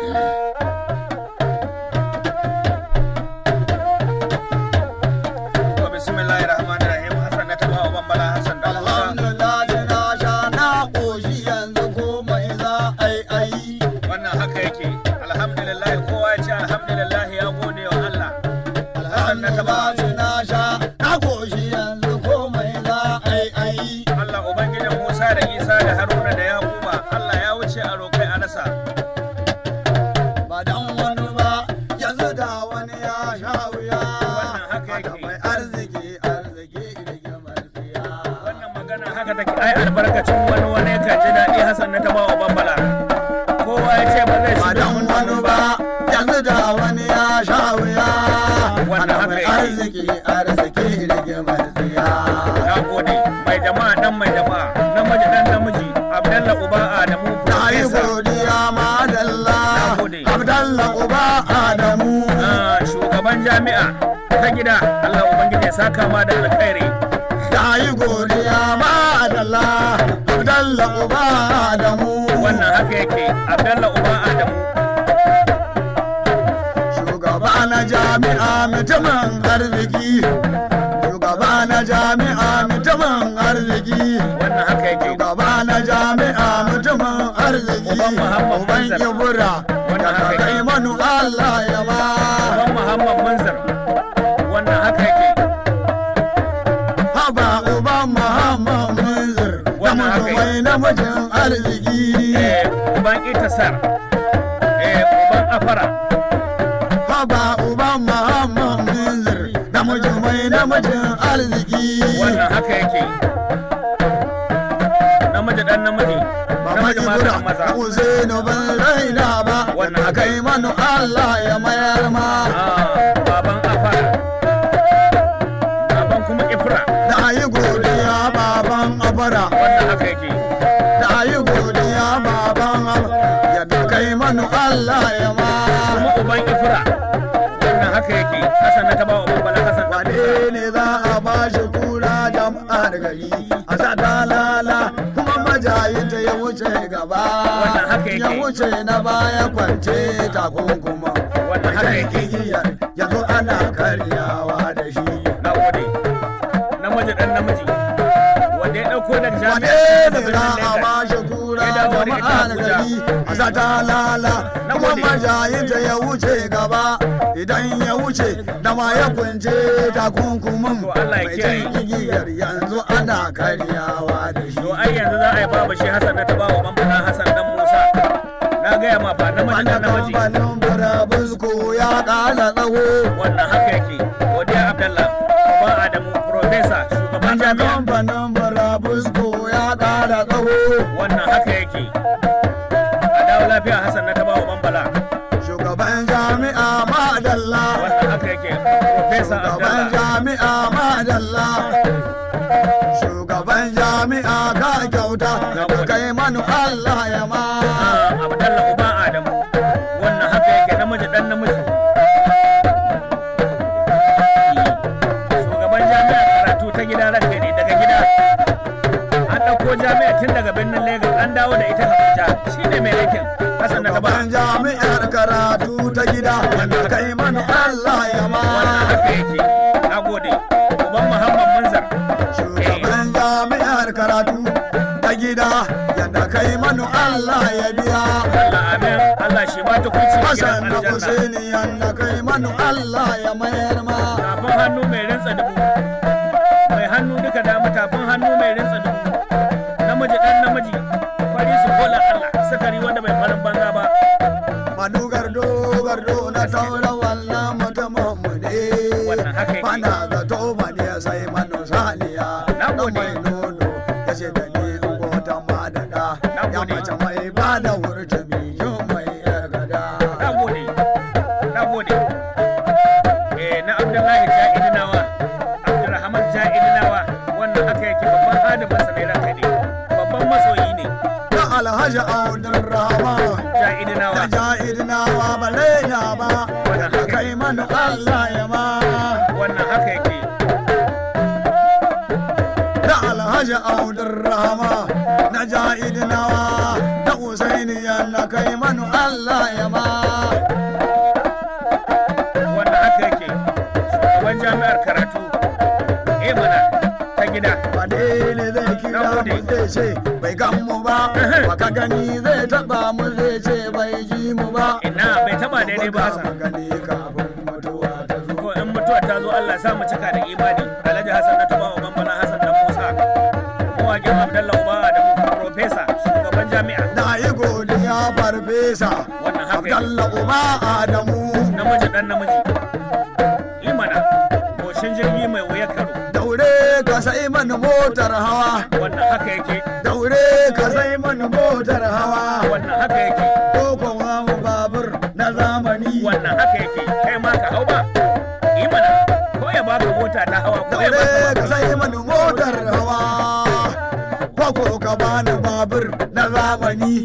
Yeah. haka take ai albarkacin wani wani ka ji daɗi Hassan na tabawa bambala kowa ya ce ba zai shi da wani ba yanzu da wani ya sha wuya wanda haka yi arziki arziki da gemar tsiya ya gode mai jama'a dan mai jama'a na namiji dan namiji abdalla uba adamu na yi godiya ma dalla abdalla uba adamu ah, shugaban jami'a ta gida allah ubangiji ya saka ma da alkhairi ta yi godiya abdalla uba adamu wannan haka yake abdalla uba adamu shugaba na jami'a mutumin arziki shugaba na jami'a mutumin arziki wannan haka yake shugaba na jami'a mutumin arziki uban wannan haka yake allah ya ba namijin arziki eh, uban itasar eh, uban afara haba uban mai namijin arziki wannan haka yake namiji dan namiji namiji maza maza na ban raina ba wannan yi manu allah ya mayar ma ah, baban afara baban kuma ifra na yi godiya baban afara Allah ya ma kuma uban ifra wannan haka yake hasan na taba uban bala hasan wane ne za a ba shi kura jama'ar gari a sa dalala kuma majayin ta ya wuce gaba ya wuce na baya kwance takunkuma wannan haka yake igiyar yanzu ana karyawa da shi na gode namiji dan namiji wanda ya dauko daga jami'a ne za a ba jama'a na gari a sa lala kuma majayinta ya wuce gaba idan ya wuce da ma ya kunce takunkumin mai can igiyar yanzu ana karyawa da shi. To ai yanzu za a yi ba bashi Hassan da ta ba wa bambana Hassan dan Musa. Na gaya ma ba na maji na maji. Wannan bambanin burabus ko ya kala tsawo. Wannan haka yake. gida yadda yi manu Allah ya biya amin Allah shi ba kuci da manu Allah ya mayar Allah ya ma wannan haka yake da alhaji audar rahama na ja'id nawa da usaini yana kai manu Allah ya ma wannan haka yake shugaban jami'ar karatu eh ta gida ba dai ne zai kira mu zai ce bai gan mu ba ba ka gani zai taba mu sa abdalla uba adamu namiji dan namiji yi mana goshin jirgi mai wuya karo daure ka sai mana motar hawa wannan haka yake daure ka sai mana motar hawa wannan haka yake ko mu babur na zamani wannan haka yake kai ma ka hau ba yi mana ko ya baka mota na hawa ko ya baka ka sai mana motar hawa ko ka bani babur na zamani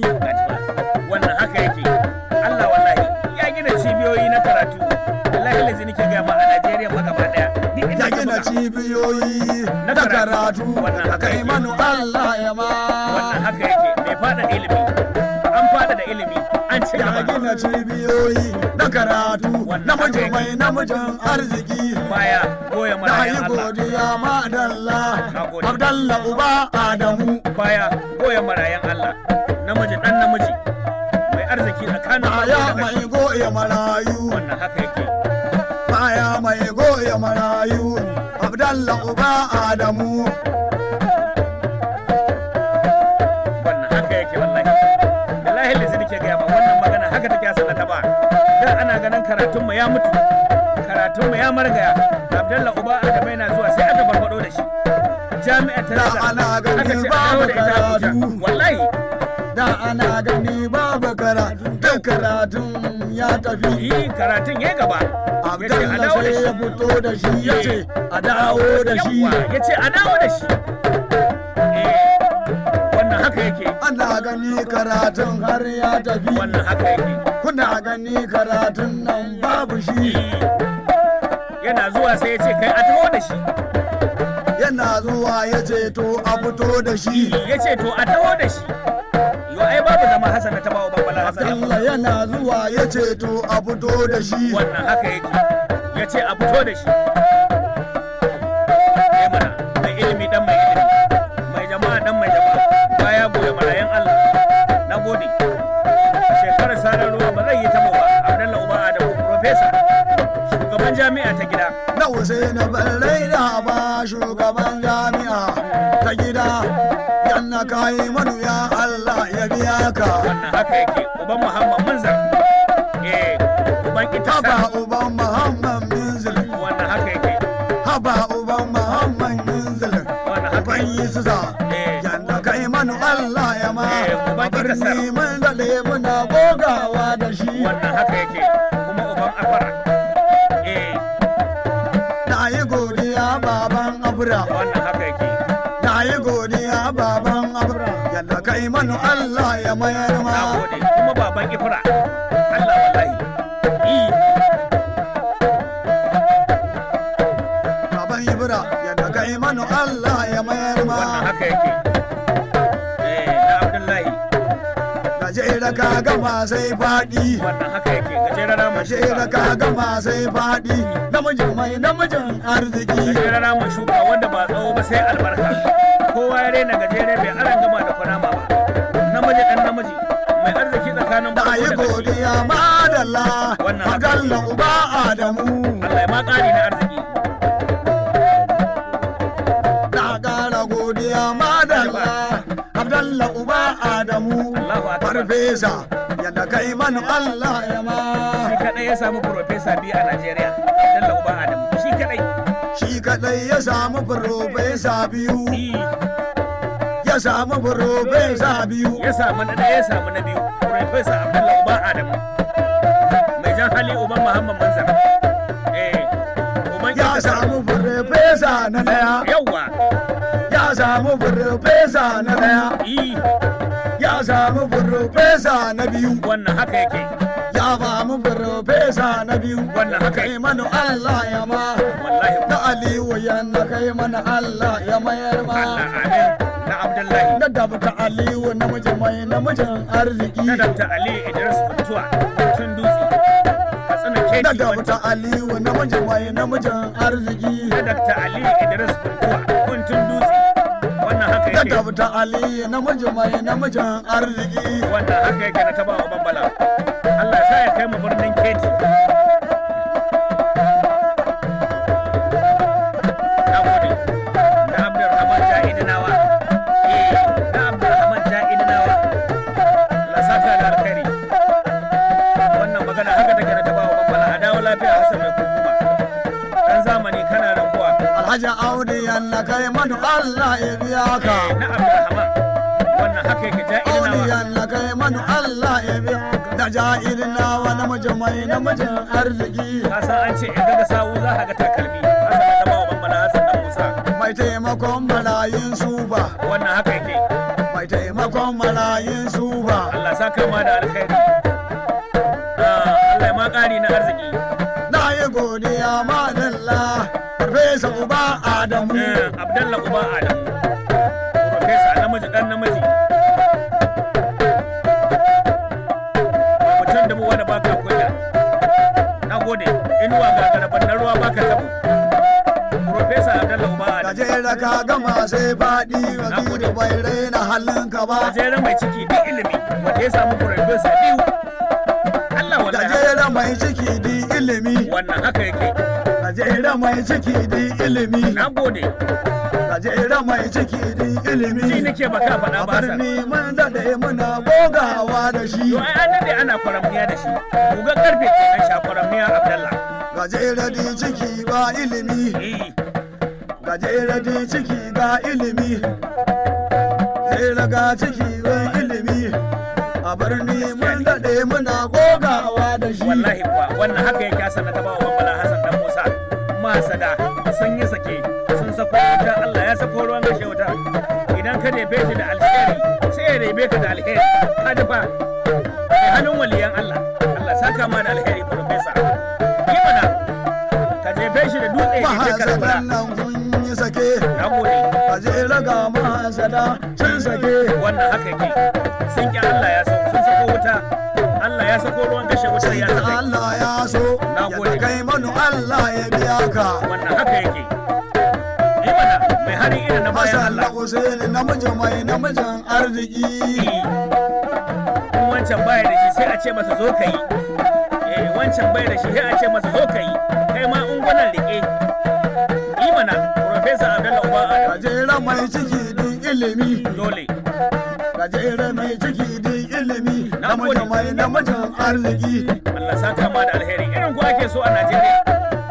ka kai manu Allah ya ma wannan haka yake mai fada ilimi an fada da ilimi an ci gaba ya gina cibiyoyi na karatu na mai namijin arziki baya goya mara Allah na yi godiya ma Adalla Abdalla uba Adamu baya goya marayan Allah namiji dan namiji mai arziki tsakanin baya mai goya marayu wannan haka yake baya mai goya marayu Abdalla uba Adamu kuma ya margaya abdalla uba aka adamu na zuwa sai aka farfado da shi jami'ar ta rasa aka ce a dawo da ita abuja wallahi da ana gani babu karatu da karatun ya tafi yi karatun ya gaba abdalla sai ya fito da shi ya ce a dawo da shi ya ce a dawo da shi wannan haka yake ana gani karatun har ya tafi wannan haka yake kuna gani karatun nan babu shi yana zuwa sai ya ce kai a taho da shi yana zuwa ya ce to a fito da shi ya ce to a taho da shi yau ai babu zama hasana ta bawa babbala hasana yana zuwa ya ce to a fito da shi wannan haka yake ya ce a fito da shi ai mana ilimi mai ilimi mai jama'a mai jama'a baya Allah na gode da Hussein Balle da ba shugaban jami'a ta gida yanna kayi manu ya Allah ya biya ka wannan haka yake uban Muhammad Munzir eh uban ita ba uban Muhammad Munzir wannan haka yake haba uban Muhammad Munzir wannan haka yake uban Yusuf eh. yanna kai manu Allah ya ma Eh, uban ita sa wannan yake na yi godiya baban abra yalla kai manu Allah ya mayar ma na gode kuma baban ifra ka gama sai faɗi wannan haka yake gajeren shuka ka gama sai faɗi namijin mai namijin arziki gajeren ramin shuka wanda ba tsawo ba sai albarka kowa ya rena gajere bai aran gama da kunama ba namiji dan namiji mai arziki tsakanin ba yi godiya madalla magalla uba adamu Allah ya ma ƙari na arziki na ƙara godiya Allah uba Adamu farfesa yadda kai man Allah ya ma shi kadai ya samu farfesa biyu a Najeriya Allah uba Adamu shi kadai shi kadai ya samu farfesa biyu e. ya samu farfesa biyu ya samu na ya samu na biyu farfesa Abdullahi uba Adamu mai jan hali uban Muhammad Mansur eh, ya samu farfesa na daya samu burro pesa na daya ya samu burro pesa na biyu wannan haka yake ya samu pesa na biyu wannan haka yake. manu Allah ya ma Wallahi. da aliyu yana kai mana Allah ya mayar ma Allah na abdullahi na dabta aliyu namiji mai namijin arziki na dabta aliyu idris mutuwa tun dutse da gabata aliyu namiji mai namijin arziki da dakta ali idris kuntuwa kuntun dutse da dabta ali majamai na namijin arziki wanda haka yake na taba bambala Allah ya sa ya kai mu birnin keti kai madu Allah ya biya ka. Na wannan haka yake ja'irina wa. Allah kai madu Allah ya biya na ja'irina wa na namiji na majin arziki. Ka san an ce in ga sawu za ka ga takalmi. Hasan da bawa bambana Hasan da Musa. Mai taimakon marayun su ba. Wannan haka yake. Mai taimakon marayun su ba. Allah sa kai ma da alkhairi. Ah, Allah ya ma kari na arziki. Na yi godiya ma Allah. Reza uba. Adamu. Eh, Abdallah Uba Adamu. Profesa namiji dan namiji. Mutum da wani baka kunya. Na gode, inuwa ga garaban na ruwa baka tabo. Profesa Abdallah Uba Adamu. Gajera ka gama sai baɗi waziri bai raina halinka ba. Gajera mai ciki duk ilimi wanda ya samu profesa biyu. Allah wallahi. Gajera mai ciki duk ilimi. Wannan haka yake. Najeriya mai ciki di ilimi. Na gode. Najeriya mai ciki di ilimi. Shi nake baka faɗa ba sa. Ni mun da da muna bogawa da shi. To ai an dade ana kwaramniya da shi. Guga karfe ke an sha kwaramniya Abdallah. Najeriya di ciki ba ilimi. Eh. Najeriya di ciki ba ilimi. Najeriya ga ciki ba ilimi. A birni mun da da muna gogawa da shi. Wallahi kuwa wannan haka yake sanata ba wa Bala Hassan. rabe ka da alheri ka dafa kai hannun waliyan Allah Allah saka ma da alheri farfesa yi ka jefe shi da dutse ya ce ka rabara sake na gode a je raga ma sada sun sake wannan haka ke. sun ki Allah ya so sun sako wuta Allah ya sako ruwan gashe wutar ya sako Allah ya so na gode kai manu Allah ya biya ka wannan haka yake har irin na bayan Allah Hussein namijin mai namijin arziki eh, wancan baya da shi sai a ce masa zo ka yi kai ma ungunan rike imana mai ciki din ilimi dole mai ciki arziki Allah saka ma da alheri irin ku ake so a Najeriya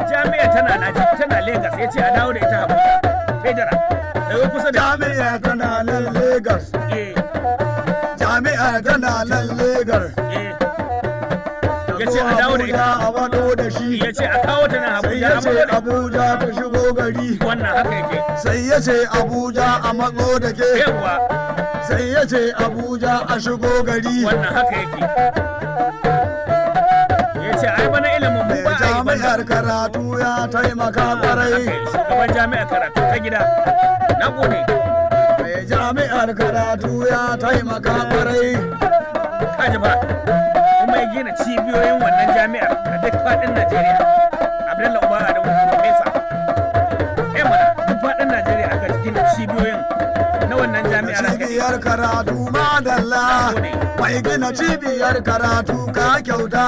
jami'a tana Najeriya tana Lagos ce a dawo da ita Abuja Federal jami'a tana nan Legas. Jami'a tana nan Legas. Ya ce a dawo da ita. A wado da shi. Ya ce a kawo ta nan Abuja. Sai ya Abuja ta shigo gari. Wannan haka yake. Sai ya Abuja a matso da ke. Yawwa. Sai Abuja a shigo gari. Wannan haka yake. ce ai bana ilimin mu ba jami'ar karatu ya taimaka kwarai jami'ar karatu ta gida na gode mai jami'ar karatu ya taimaka kwarai kaji ba kuma ya gina cibiyoyin wannan jami'ar a duk faɗin najeriya cibiyar karatu madalla mai gina cibiyar karatu ka kyauta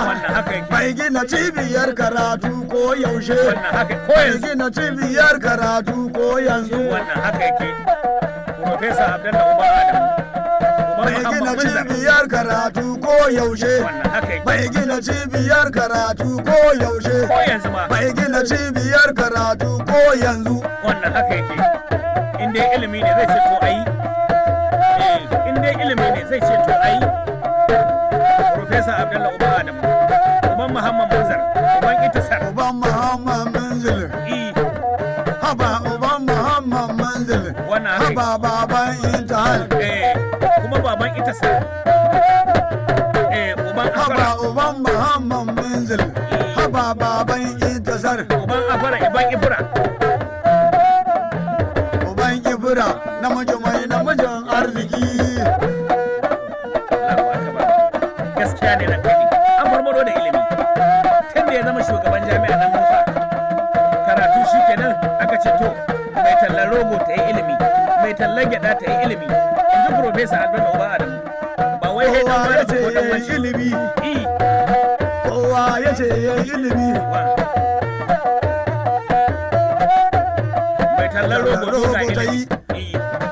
mai gina cibiyar karatu ko yaushe mai gina cibiyar karatu ko yanzu mai gina cibiyar karatu ko yaushe mai gina cibiyar karatu ko yaushe mai gina cibiyar karatu ko yanzu wannan haka yake in ilimi ne zai ce to ayi in dai ilimi ne zai ce to ai profesa abdullah uba adam uban muhammad manzar uban itisar uban muhammad manzar e. haba uban muhammad manzar haba baban intihal eh, kuma baban itisar zama shugaban jami'a nan musa karatu shi kenan aka ce to mai tallan rogo ta yi ilimi mai tallan gyada ta yi ilimi in ji Profesa Albert oba adam ba wai sai dan mara ko dan wani ilimi kowa ya ce ya yi ilimi eh. mai tallan rogo ta yi ilimi eh.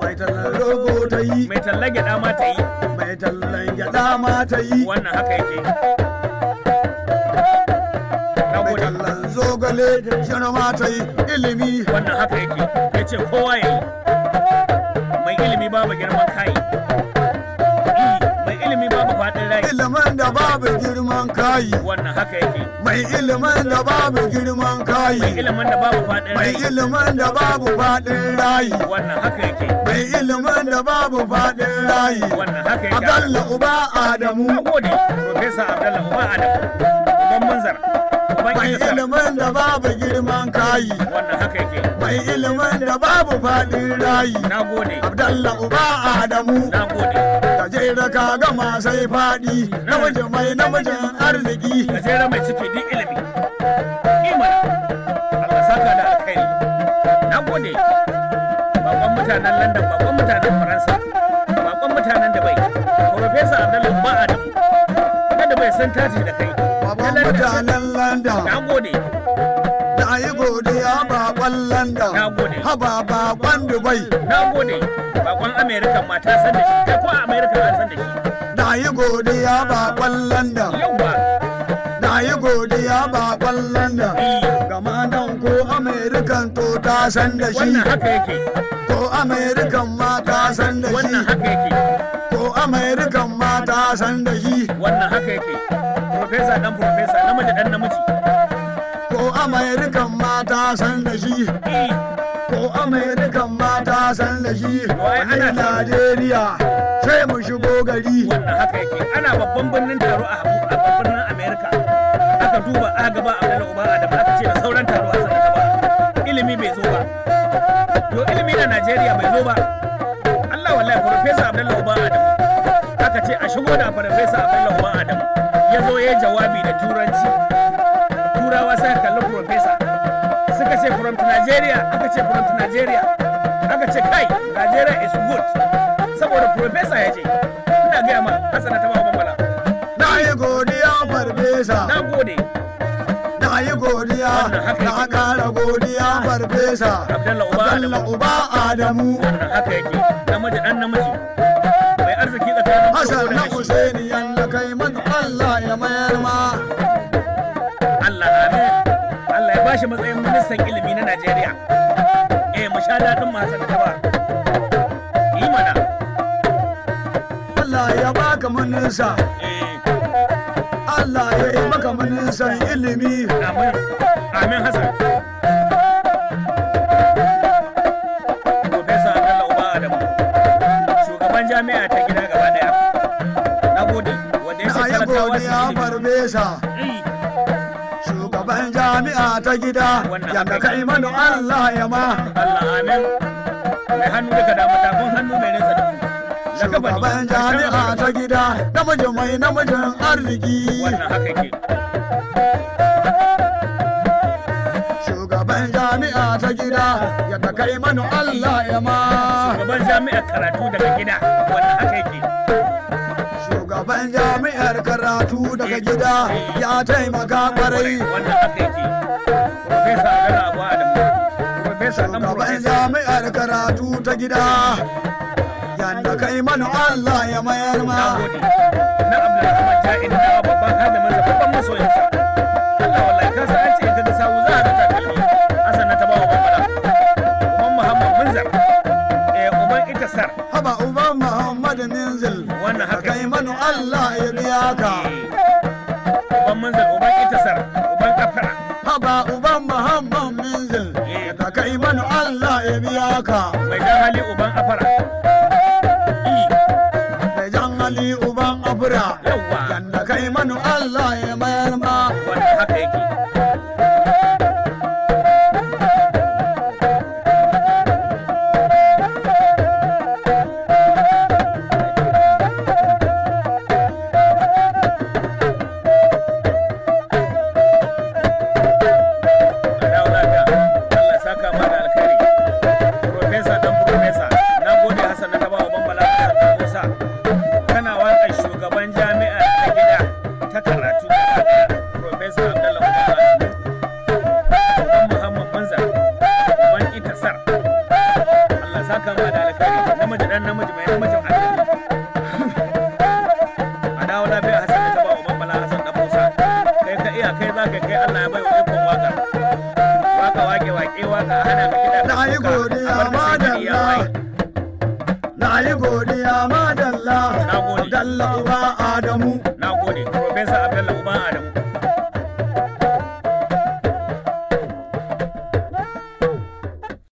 mai tallan rogo ta yi mai tallan gyada ma ta yi mai tallan gyada ma ta yi wannan haka yake kalale shano mata yi ilimi wanda haka yake ya ce kowa ya yi mai ilimi babu girman kai mai ilimi babu faɗin rai ilimin da babu girman kai wannan haka yake mai ilimin da babu girman kai mai ilimin da babu faɗin rai mai wannan haka yake mai ilimin da babu faɗin rai wannan haka yake Abdalla Uba Adamu Nagode Professor Abdalla Uba Adamu mai ilimin da babu girman kayi mai ilimin da babu faɗin rayi abdalla uba adamu jera ka gama sai faɗi namiji mai namijin arziki mai ciki duk ilimi da alkhairi na gode mutanen london mutanen faransa mutanen da bai profesa abdalla uba adamu da bai san tashi da kai mutanen ba bakon dubai na gode bakon amerika ma ta san da shi kai ko amerika ta san da shi na yi godiya bakon london yawa na yi godiya bakon london eh. gama nan ko Amerika to ta san da shi wannan haka yake ko Amerika ma ta san da shi wannan haka yake ko Amerika ma ta san da shi wannan haka yake profesa dan profesa namiji dan namiji ko Amerika ma ta san da shi eh. mu amerikan mata san da shi ai najeriya sai mu shigo gari haka ana babban birnin taro a birnin amerika aka duba a gaba a wani uba da ba ce da sauran taro a sanar ba ilimi bai zo ba yo ilimi na najeriya bai zo ba allah wallahi farfesa abdullahi uba adam aka ce a shigo da farfesa abdullahi uba adam ya zo ya jawabi da turanci aka ce front Nigeria aka ce kai Nigeria is good saboda professor ya ce ina gaya ma Hassan ta ba bambala. na yi godiya farfesa na gode na yi godiya na kara godiya farfesa Abdalla Uba Adamu wannan haka yake namiji dan namiji mai arziki tsakanin Hassan na Husaini kai man Allah ya mayar ma Allah amin Allah ya bashi matsayin ministan ilimi Najeriya. Eh mu sha daɗin masu gaba. Imana. Allah ya baka maninsa. Eh. Allah ya yi maka maninsan ilimi. Amin. Amin Hassan. Na gode. ya shekara Farfesa. zaben jami'a ta gida yadda ka imanu Allah ya ma. Allah amin. Mai hannu daga dama kun hannu mai nesa da Shugaban jami'a ta gida namijin mai namijin arziki. Shugaban jami'a ta gida yadda kai manu Allah ya ma. Shugaban jami'a karatu daga gida wanda haka yake. Shugaban jami'a hanyar karatu daga gida ya taimaka kwarai shugaban jami'ar karatu ta gida yadda kai mana Allah ya mayar ma na abu da kuma na babban hadamin da babban masoyinsa haka uban munzil uban itasar uban kafira haba uban muhammad munzil eh. ka kai manu allah ya biya ka mai jan hali uban afara mai jan hali uban afara yanda kai manu allah ya mayar babban jami'a